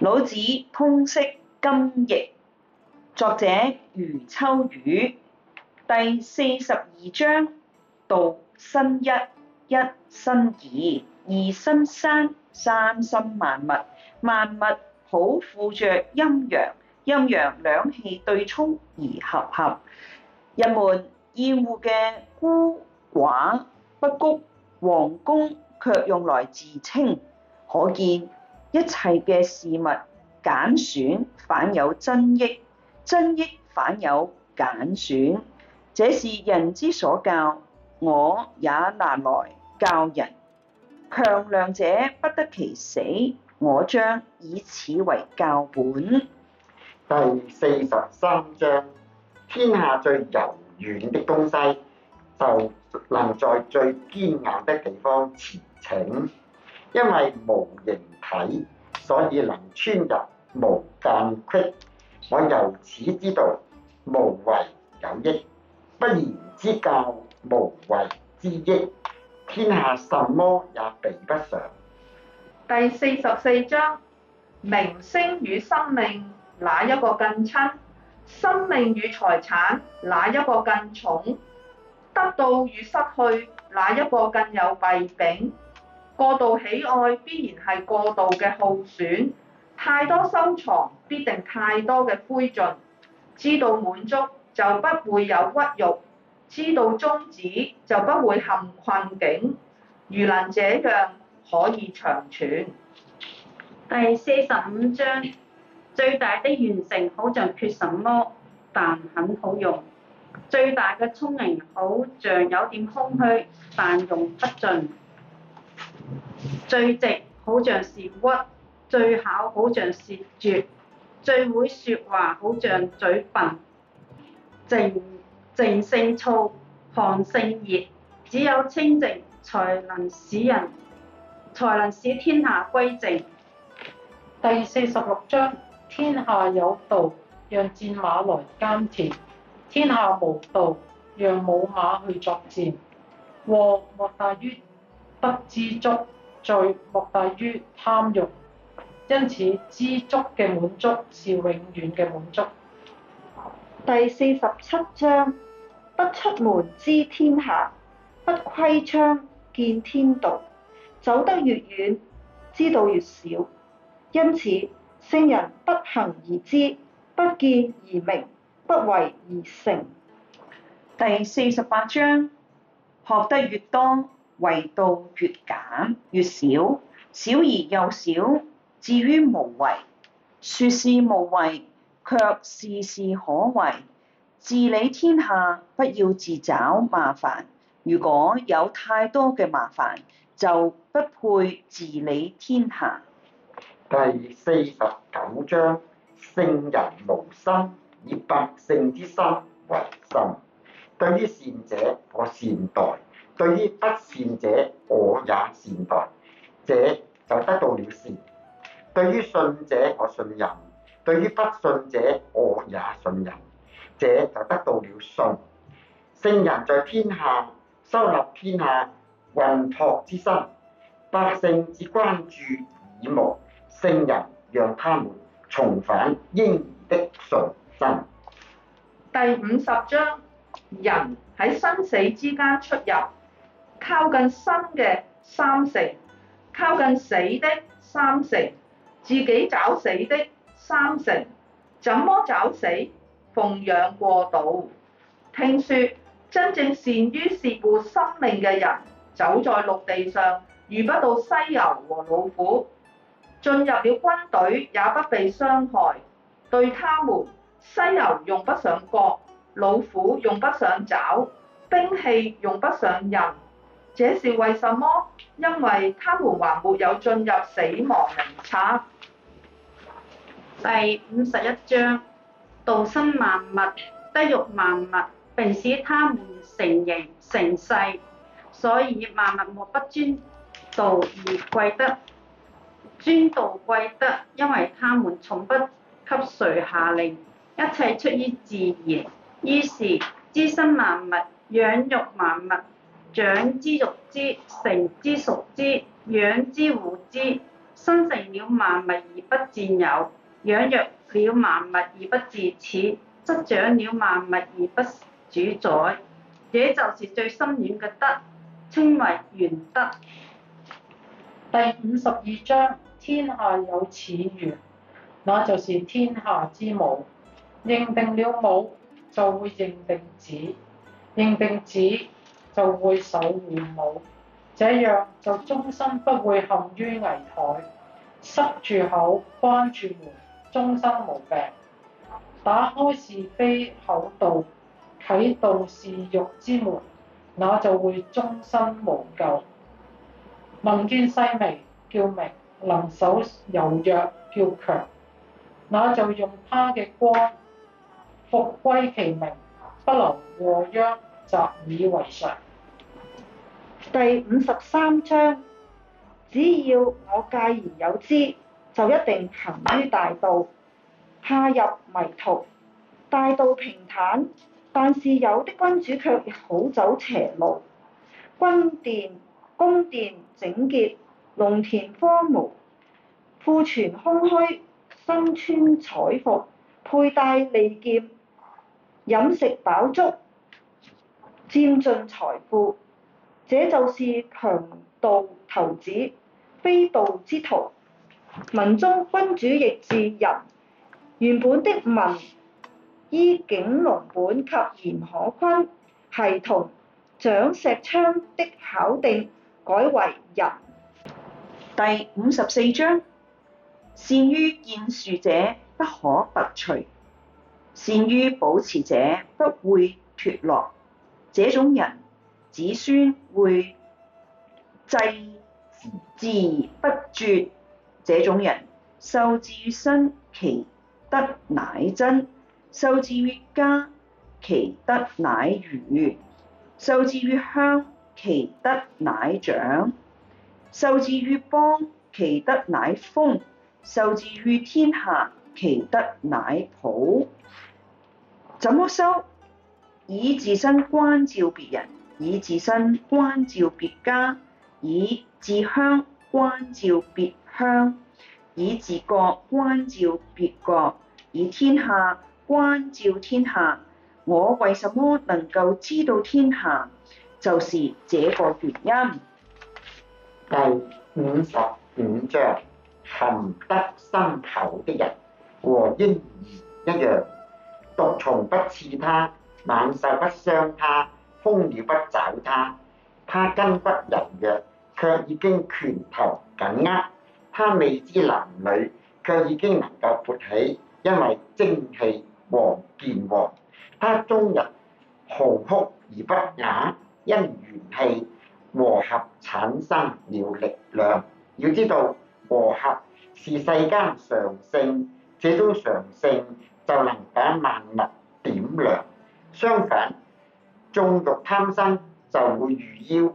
老子通釋今譯，作者余秋雨，第四十二章：道生一，一生二，二生三，三生萬物。萬物好附着陰陽，陰陽兩氣對沖而合合。人們厭惡嘅孤寡不谷，王公卻用來自稱，可見。一切嘅事物減損反有增益，增益反有減損，這是人之所教，我也難來教人。強梁者不得其死，我將以此為教本。第四十三章：天下最柔軟的東西，就能在最堅硬的地方馳騁，因為無形。睇，所以能穿入無間隙，我由此知道無為有益，不言之教，無為之益，天下什麼也比不上。第四十四章：名聲與生命哪一個更親？生命與財產哪一個更重？得到與失去哪一個更有弊病？過度喜愛必然係過度嘅耗損，太多收藏必定太多嘅灰燼。知道滿足就不會有屈辱，知道終止就不會陷困境。如能這樣，可以長存。第四十五章，最大的完成好像缺什麼，但很好用；最大嘅聰明好像有點空虛，但用不盡。最直好像是屈，最巧好像是絕，最會説話好像嘴笨。靜靜勝躁，寒勝熱。只有清靜才能使人，才能使天下歸靜。第四十六章：天下有道，讓戰馬來耕田；天下無道，讓母馬去作戰。禍，莫大於不知足。罪莫大於貪欲，因此知足嘅滿足是永遠嘅滿足。第四十七章：不出門知天下，不窺窗見天道。走得越遠，知道越少。因此聖人不行而知，不見而明，不為而成。第四十八章：學得越多。為道越減越少，少而又少，至於無為。說是無為，卻事事可為。治理天下，不要自找麻煩。如果有太多嘅麻煩，就不配治理天下。第四十九章：聖人無心，以百姓之心為心。對於善者，我善待。對於不善者，我也善待，這就得到了善；對於信者，我信任；對於不信者，我也信任，這就得到了信。聖人在天下收納天下運托之心，百姓只關注耳目，聖人讓他們重返嬰兒的純真。第五十章：人喺生死之間出入。靠近生嘅三成，靠近死的三成，自己找死的三成，怎麼找死？奉養過度。聽説真正善於照顧生命嘅人，走在陸地上遇不到犀牛和老虎，進入了軍隊也不被傷害。對他們，犀牛用不上角，老虎用不上爪，兵器用不上刃。這是為什麼？因為他們還沒有進入死亡名冊。第五十一章：道生萬物，德育萬物，並使他們成形成勢。所以萬物莫不尊道而貴德。尊道貴德，因為他們從不給誰下令，一切出於自然。於是資生萬物，養育萬物。長之育之，成之熟之，養之護之，生成了萬物而不佔有，養育了萬物而不自恃，則長了萬物而不主宰。這就是最深遠嘅德，稱為玄德。第五十二章：天下有始源，那就是天下之母。認定了母，就會認定子，認定子，就會守護母，這樣就終身不會陷於危殆。塞住口，關住門，終身無病。打開是非口道，啟導嗜欲之門，那就會終身無救。聞見細微叫明，能守柔弱叫強，那就用他嘅光復歸其明，不能過殃，習以為常。第五十三章，只要我介然有知，就一定行於大道，怕入迷途。大道平坦，但是有的君主卻好走邪路。軍殿宮殿整潔，農田荒蕪，庫存空虛，身穿綵服，佩戴利劍，飲食飽足，佔盡財富。這就是強盜頭子，非道之徒。文中君主亦字人，原本的文依景龍本及嚴可坤係同蔣錫昌的考定，改為人。第五十四章：善於建樹者不可拔除，善於保持者不會脱落。這種人。子孫會祭祀不絕，這種人修之於身，其德乃真；修之於家，其德乃餘；修之於鄉，其德乃長；修之於邦，其德乃豐；修之於天下，其德乃普。怎麼修？以自身關照別人。以自身關照別家，以自鄉關照別鄉，以自國關照別國，以天下關照天下。我為什麼能夠知道天下？就是這個原因。第五十五章：含德深厚的人和嬰兒一樣，毒蟲不刺他，猛獸不傷他。空了不找他，他筋骨柔弱，卻已經拳頭緊握；他未知男女，卻已經能夠勃起，因為精氣和健和。他終日嚎哭，而不啞，因元氣和合產生了力量。要知道，和合是世間常勝，這種常勝就能把萬物點亮。相反，中毒貪生就會如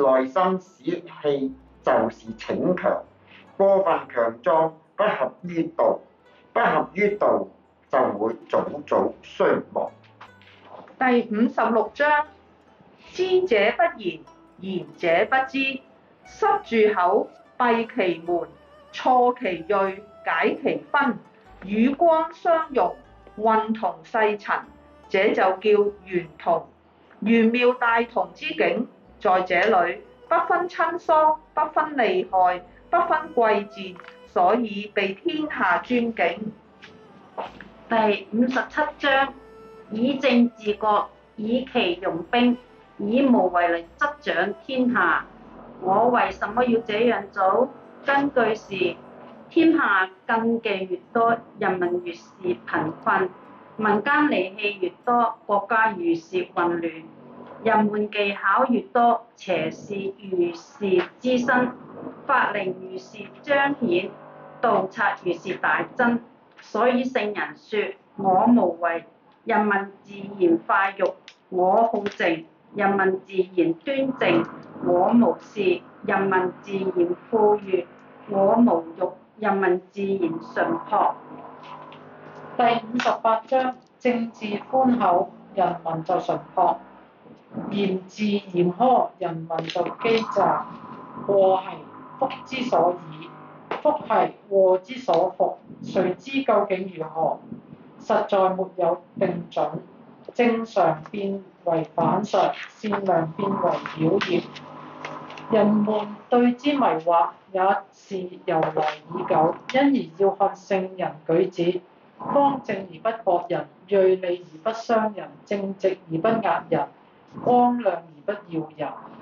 妖，內心使氣就是逞強，過分強壯不合於道，不合於道就會早早衰亡。第五十六章：知者不言，言者不知。塞住口，閉其門，錯其鋭，解其紛，與光相融，混同世塵，這就叫玄同。玄妙大同之境在這裏，不分親疏，不分利害，不分貴賤，所以被天下尊敬。第五十七章：以正治國，以其用兵，以無為力執掌天下。我為什麼要這樣做？根據是天下禁忌越多，人民越是貧困。民間利器越多，國家越是混亂；人們技巧越多，邪事越是滋生；法令越是彰顯，盜賊越是大增。所以聖人說：我無為，人民自然化育；我好靜，人民自然端正；我無事，人民自然富裕；我無欲，人民自然淳樸。第五十八章：政治寬厚，人民就淳樸。嚴治嚴苛，人民就機詐。禍係福之所以，福係禍之所伏。誰知究竟如何？實在沒有定準。正常變為反常，善良變為妖孽，人們對之迷惑也是由來已久，因而要看聖人舉止。方正而不迫人，銳利而不傷人，正直而不壓人，光亮而不耀人。